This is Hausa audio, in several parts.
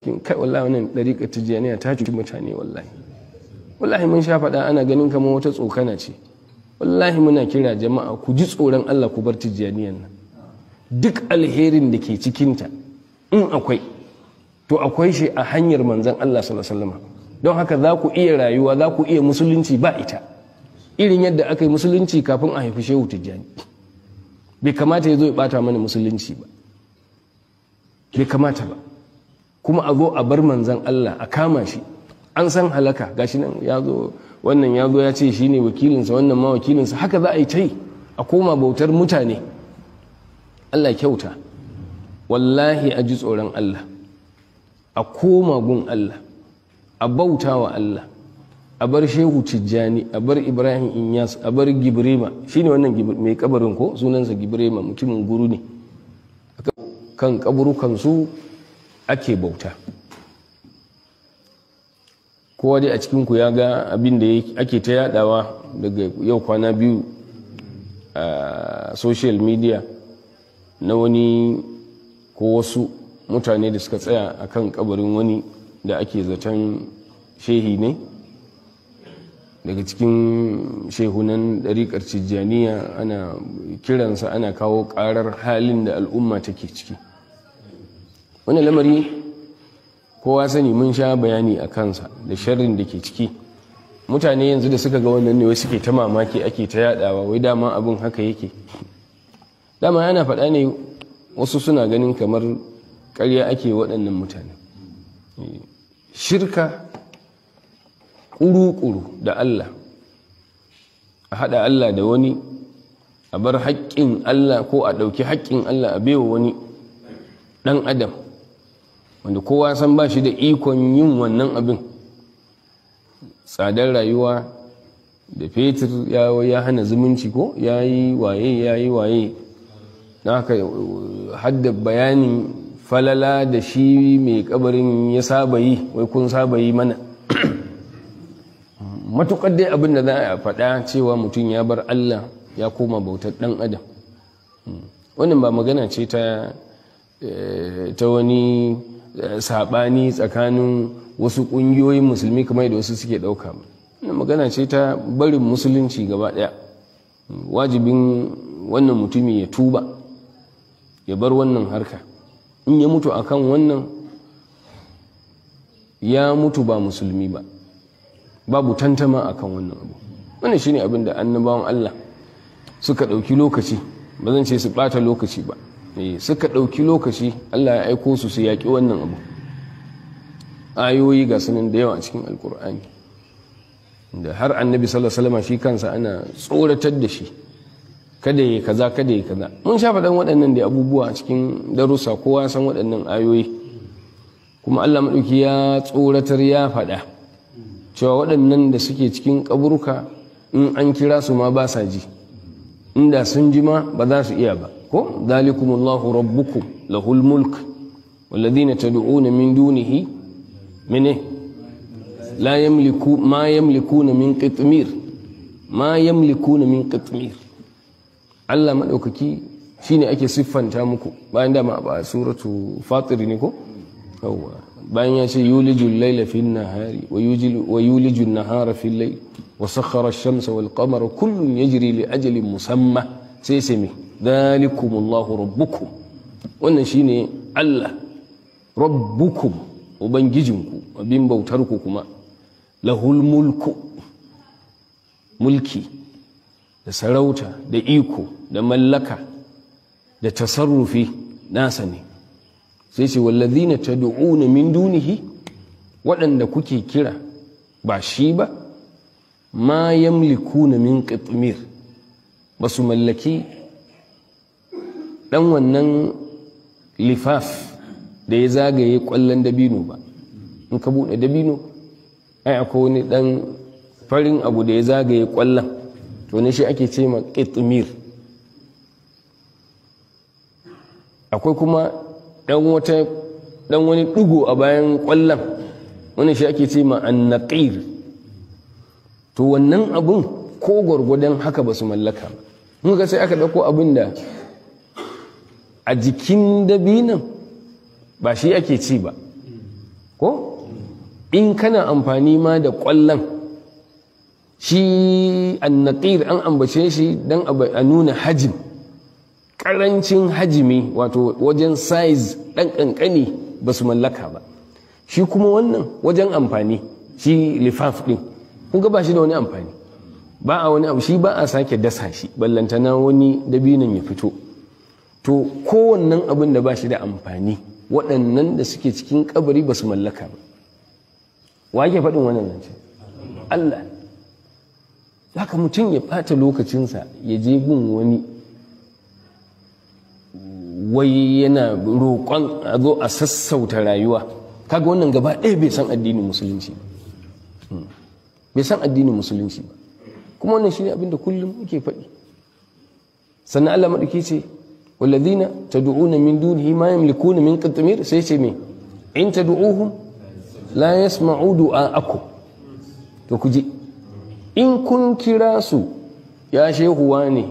kin kai wallahi wannan dariƙa tijaniya ta cuci mutane wallahi wallahi mun sha faɗa ana ganin kamar wata tsokana ce wallahi muna kira jama'a ku ji tsoron Allah ku bar tijaniyan nan duk alherin da ke cikinta in akwai to akwai shi a hanyar manzon Allah sallallahu alaihi wasallam don haka za ku iya rayuwa za ku iya musulunci ba ita irin yadda aka yi musulunci kafin a haifi shehu tijjani bai kamata ya zo ya bata mana musulunci ba bai kamata ba kuma a zo a bar manzan Allah a kama shi an san halaka gashi nan ya zo wannan ya zo ya ce shi ne wakilinsa wannan ma wakilinsa haka za a yi ta a koma bautar mutane Allah kyauta wallahi a ji tsoron Allah a koma gun Allah a bauta wa Allah a bar shehu tijjani a bar ibrahim inyas a bar gibrima ne wannan mai kabarin ko sunansa gibrima mutumin guru ne kan kaburukansu ake bauta kowa dai a cikinku ya ga abin da ake ta yadawa daga yau kwana biyu a social media na wani ko wasu mutane da suka tsaya a kan kabarin wani da ake zaton shehi ne daga cikin shehunan ɗariƙar cijjaniya ana kiransa ana kawo ƙarar halin da al'umma take ciki wani lamari kowa sani mun sha bayani a kansa da sharrin da ke ciki mutane yanzu da suka ga wannan ne wai suke ta mamaki ake ta yadawa wai dama abin haka yake dama yana faɗa ne wasu suna ganin kamar karya ake waɗannan mutane shirka ƙuru-ƙuru da Allah a haɗa Allah da wani a bar haƙƙin Allah ko a ɗauki haƙƙin Allah a baiwa wani ɗan adam wanda kowa san ba shi da ikon yin wannan abin tsadar rayuwa da fetur ya hana zumunci ko ya yi waye ya yi waye na haka uh, hadda bayanin falala da shi mai kabarin ya saba yi wai kun saba yi mana matukar dai abin da za a faɗa cewa mutum ya bar allah ya koma bautar ɗan adam hmm. wannan ba magana ce ta eh, wani Eh, saɓani tsakanin wasu ƙungiyoyin musulmi kamar da wasu suke ɗauka wannan magana ce ta barin musulunci gaba ɗaya wajibin wannan mutumi ya tuba ya bar wannan harka in ya mutu akan wannan ya mutu ba musulmi ba babu tantama akan wannan abu wannan shine abin da annabawan Allah suka ɗauki lokaci ba zan ce su bata lokaci ba Eh, suka ɗauki lokaci allah ya aiko su su yaƙi wannan abu ayoyi ga sanin da yawa a cikin alkur'ani da har annabi sallallahu shi kansa ana tsoratar da shi kada yi kaza kada yi kaza mun sha faɗan waɗannan da abubuwa a cikin darussa kowa san waɗannan ayoyi kuma allah maɗauki ya tsoratar ya faɗa cewa waɗannan da suke cikin ƙaburka in an kira su ma ba sa ji inda sun jima ba za su iya ba ko zalikumullahu rabbukum lahul mulk walladhina tad'una min dunihi min eh? la yamliku ma yamlikuna min qitmir ma yamlikuna min qitmir Allah madaukaki shine ake siffanta muku bayan da ma ba suratu fatir ne ko yawa bayan ya ce yulijul layla fin nahari wa yulijul nahara fil layl wa sakhara ash-shamsa kullum ya kullun yajri li ajalin musamma sai sai me dhalikumullahu rabbukum wannan shine Allah rabbukum ubangijinku abin bautar ku kuma lahul mulku mulki da sarauta da iko da mallaka da tasarrufi nasa ne sai ce ta tad'una min dunihi waɗanda kuke kira ba shi ba ma yamlikuna min qitmir ba su mallaki dan wannan lifaf da ya zagaye kwallon dabino ba in ka bude dabino ai akwai wani dan farin abu da ya zagaye kwallon to ne shi ake ce ma qitmir akwai kuma dan wata wani dugo a bayan kwallon wani shi ake ce ma annaqir to wannan abun ko gwargwadon haka ba su mallaka ba muka sai aka ɗauko abin da a jikin dabinan ba shi ake ci ba ko in kana amfani ma da ƙwallon shi annaƙir an ambace shi don a nuna hajim ƙarancin hajimi wato wajen size ɗan ƙanƙani ba su mallaka ba shi kuma wannan wajen amfani shi lifaf ɗin kun ga ba shi da wani amfani ba a wani abu shi ba a sake dasa shi ballantana wani dabinan ya fito to kowannan abin da ba shi da amfani waɗannan da suke cikin kabari ba su mallaka ba wa ke faɗin wannan ce? Allah haka mutum ya fata lokacinsa ya je gun wani wai yana roƙon a zo a sassauta rayuwa kaga wannan gaba ɗaya bai san addinin musulunci ba bai san addinin musulunci ba kuma wannan shine abin da kullum muke faɗi sannan Allah madauki ce ta du'una min dunihi ma yamlikuna min qitmir sai ce me in ta tad'uhum la yasma'u du'aakum to ku ji in kun kira su ya shehuwa ne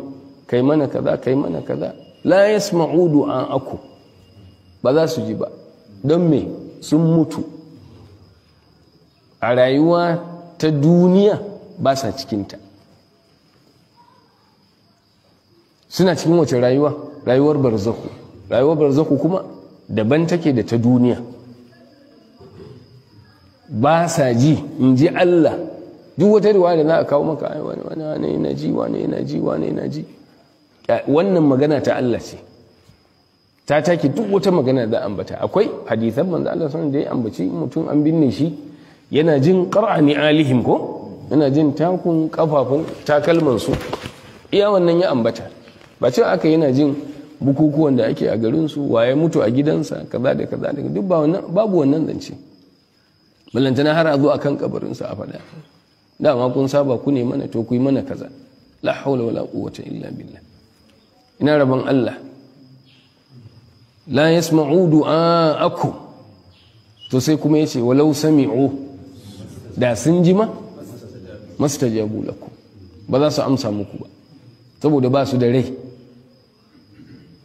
kai mana kaza kai mana kaza la yasma'u du'aakum ba za su ji ba don me sun mutu a rayuwa ta duniya ba sa cikinta suna cikin wace rayuwa rayuwar barzaku rayuwar barzaku kuma daban take da ta duniya ba sa ji in ji Allah duk wata riwaya da za a kawo maka wani wani wani na ji wani na ji wani na ji wannan magana ta Allah ce ta take duk wata magana da ambata akwai hadisan manzo Allah sun da ya ambaci mutum an binne shi yana jin ƙar'ani alihim ko yana jin takun kafafun takalmansu iya wannan ya ambata ba a aka yana jin bukukuwan da ake a garinsu ya mutu a gidansa kaza da kaza da duk babu wannan zance ballantana har a zo kan kabarinsa a faɗa dama kun saba ku ne mana to ku yi mana kaza la haula wala quwwata illa billah ina rabon Allah la yasma'u du'a'akum to sai kuma yace walau sami'u da sun ji ma mastajabu lakum ba za su amsa muku ba saboda ba su da rai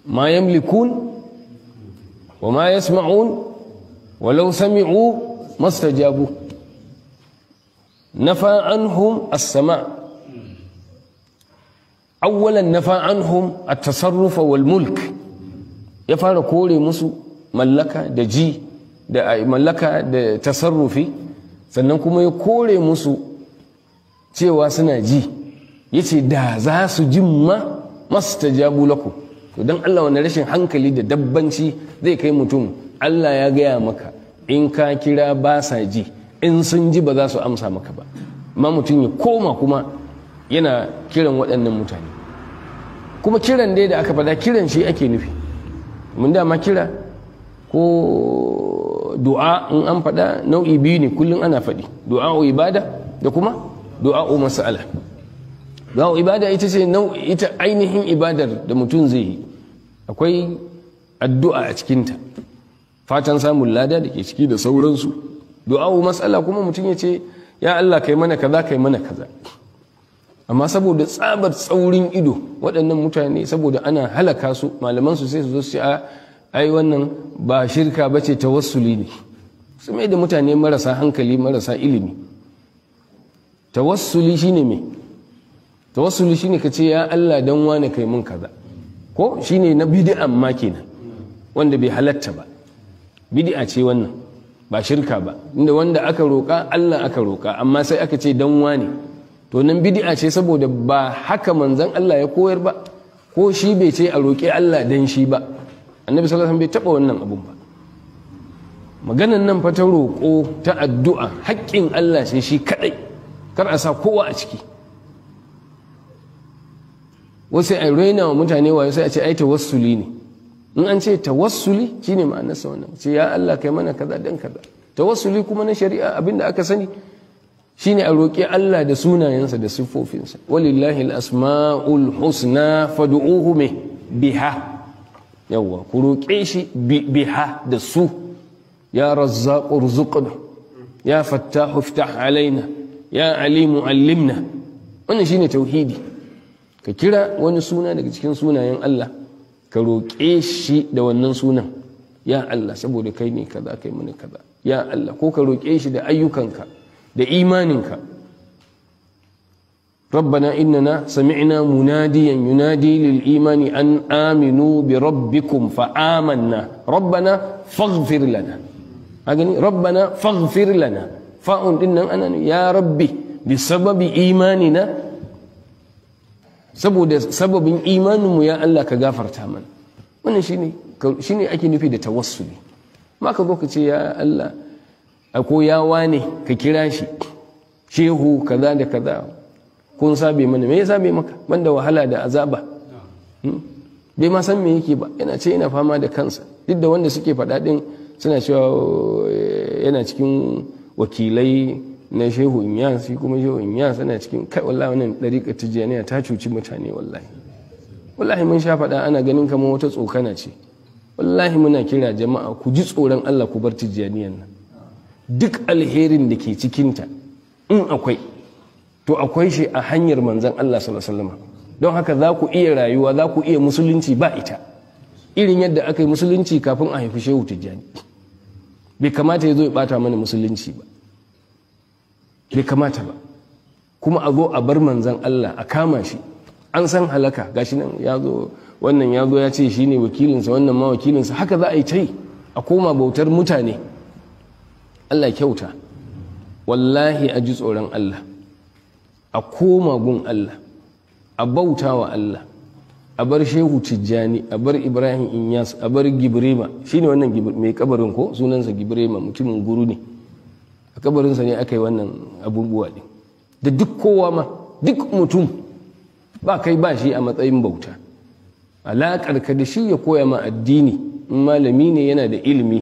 ma yamlikun wa ma yasma'un walau sami'u mastajabu nafa anhum as-sama' awwalan nafa anhum at-tasarruf wal mulk ya fara kore musu mallaka da ji da mallaka da tasarrufi sannan kuma ya kore musu cewa suna ji ya ce da za su ji ma masu ta jabu lako to don Allah wani rashin hankali da dabbanci zai kai mutum Allah ya gaya maka in ka kira ba sa ji in sun ji ba za su amsa maka ba ma mutum ya koma kuma yana kiran waɗannan mutane kuma kiran dai da aka faɗa kiran shi ake nufi mun dama kira ko du'a in an faɗa nau'i biyu ne kullum ana faɗi du'a ibada da kuma du'a mas'ala du'a ibada ita ce nau'i ita ainihin ibadar da mutum zai yi akwai addu'a a cikinta fatan samun lada da ke ciki da sauransu du'a mas'ala kuma mutum ya ce ya Allah kai mana kaza kai mana kaza amma saboda tsabar tsaurin ido waɗannan mutane saboda ana halaka su malaman su sai su zo su a ai wannan ba shirka ba ce tawassuli ne su mai da mutane marasa hankali marasa ilimi tawassuli shine me tawassuli ne ka ce ya Allah dan wane kai mun kaza ko ne na bidi'an ma kenan wanda bai halatta ba bidi'a ce wannan ba shirka ba inda wanda aka roƙa Allah aka roƙa amma sai aka ce don wane to nan bidi'a ce saboda ba haka manzon Allah ya koyar ba ko shi bai ce a roƙi Allah dan shi ba annabi sallallahu alaihi bai taba wannan abun ba maganan nan fa ta roƙo ta addu'a haƙƙin Allah sai shi kadai kar a sa kowa a ciki wasu ai raina wa mutane wayo sai a ce ai tawassuli ne in an ce tawassuli shine ma'anarsa wannan ce ya Allah kai mana kaza dan kaza tawassuli kuma na shari'a abinda aka sani shine a roƙi Allah da sunayensa da siffofinsa walillahi al-asma'ul husna fad'uhu biha yawwa ku roƙe shi biha da su ya razzaqu rzuqna ya fata iftah halaina. ya alimu allimna wannan shine tauhidi ka kira wani suna daga cikin sunayen Allah ka roƙe shi da wannan sunan ya Allah saboda kai ne kaza kai mini kaza ya Allah ko ka roƙe shi da ayyukanka da imaninka ربنا إننا سمعنا مناديا ينادي للإيمان أن آمنوا بربكم فآمنا ربنا فاغفر لنا أغني ربنا فاغفر لنا فأن أنا يا ربي بسبب إيماننا saboda sababin imaninmu ya Allah ka gafarta mana wannan shine shine ake nufi da tawassuli ma ka zo ka ce ya Allah ko yawa ne ka kira shi shehu kaza da kaza kun sabe mana me ya sabe maka banda wahala da azaba hmm? bai ma san me yake ba yana ce yana fama da kansa duk da wanda suke faɗa ɗin suna cewa eh, yana cikin wakilai na shehu inyan shi kuma shehu inyan suna cikin kai wallahi wannan ɗariƙa tijjaniya ta cuci mutane wallahi wallahi mun sha faɗa ana ganin kamar wata tsokana ce wallahi muna kira jama'a ku ji tsoron Allah ku bar tijjaniyan nan duk alherin da ke cikinta in akwai to akwai shi a hanyar manzan Allah sallallahu alaihi wasallam don haka za ku iya rayuwa za ku iya musulunci ba ita irin yadda aka yi musulunci kafin a haifi shehu tijjani bai kamata ya zo ya bata mana musulunci ba bai kamata ba kuma a zo a bar manzan Allah a kama shi an san halaka gashi nan ya zo wannan ya zo ya ce shi ne wakilinsa wannan ma wakilinsa haka za a yi ta a koma bautar mutane Allah kyauta wallahi a ji tsoron Allah a koma gun Allah a bauta wa Allah a bar shehu tijjani a bar ibrahim inyas a bar gibrima shine wannan mai kabarin ko sunansa gibrima mutumin guru ne a kabarinsa ne aka yi wannan abubuwa ne da duk kowa ma duk mutum ba kai ba shi a matsayin bauta alaƙar ka da shi ya koya ma addini in malami ne yana da ilimi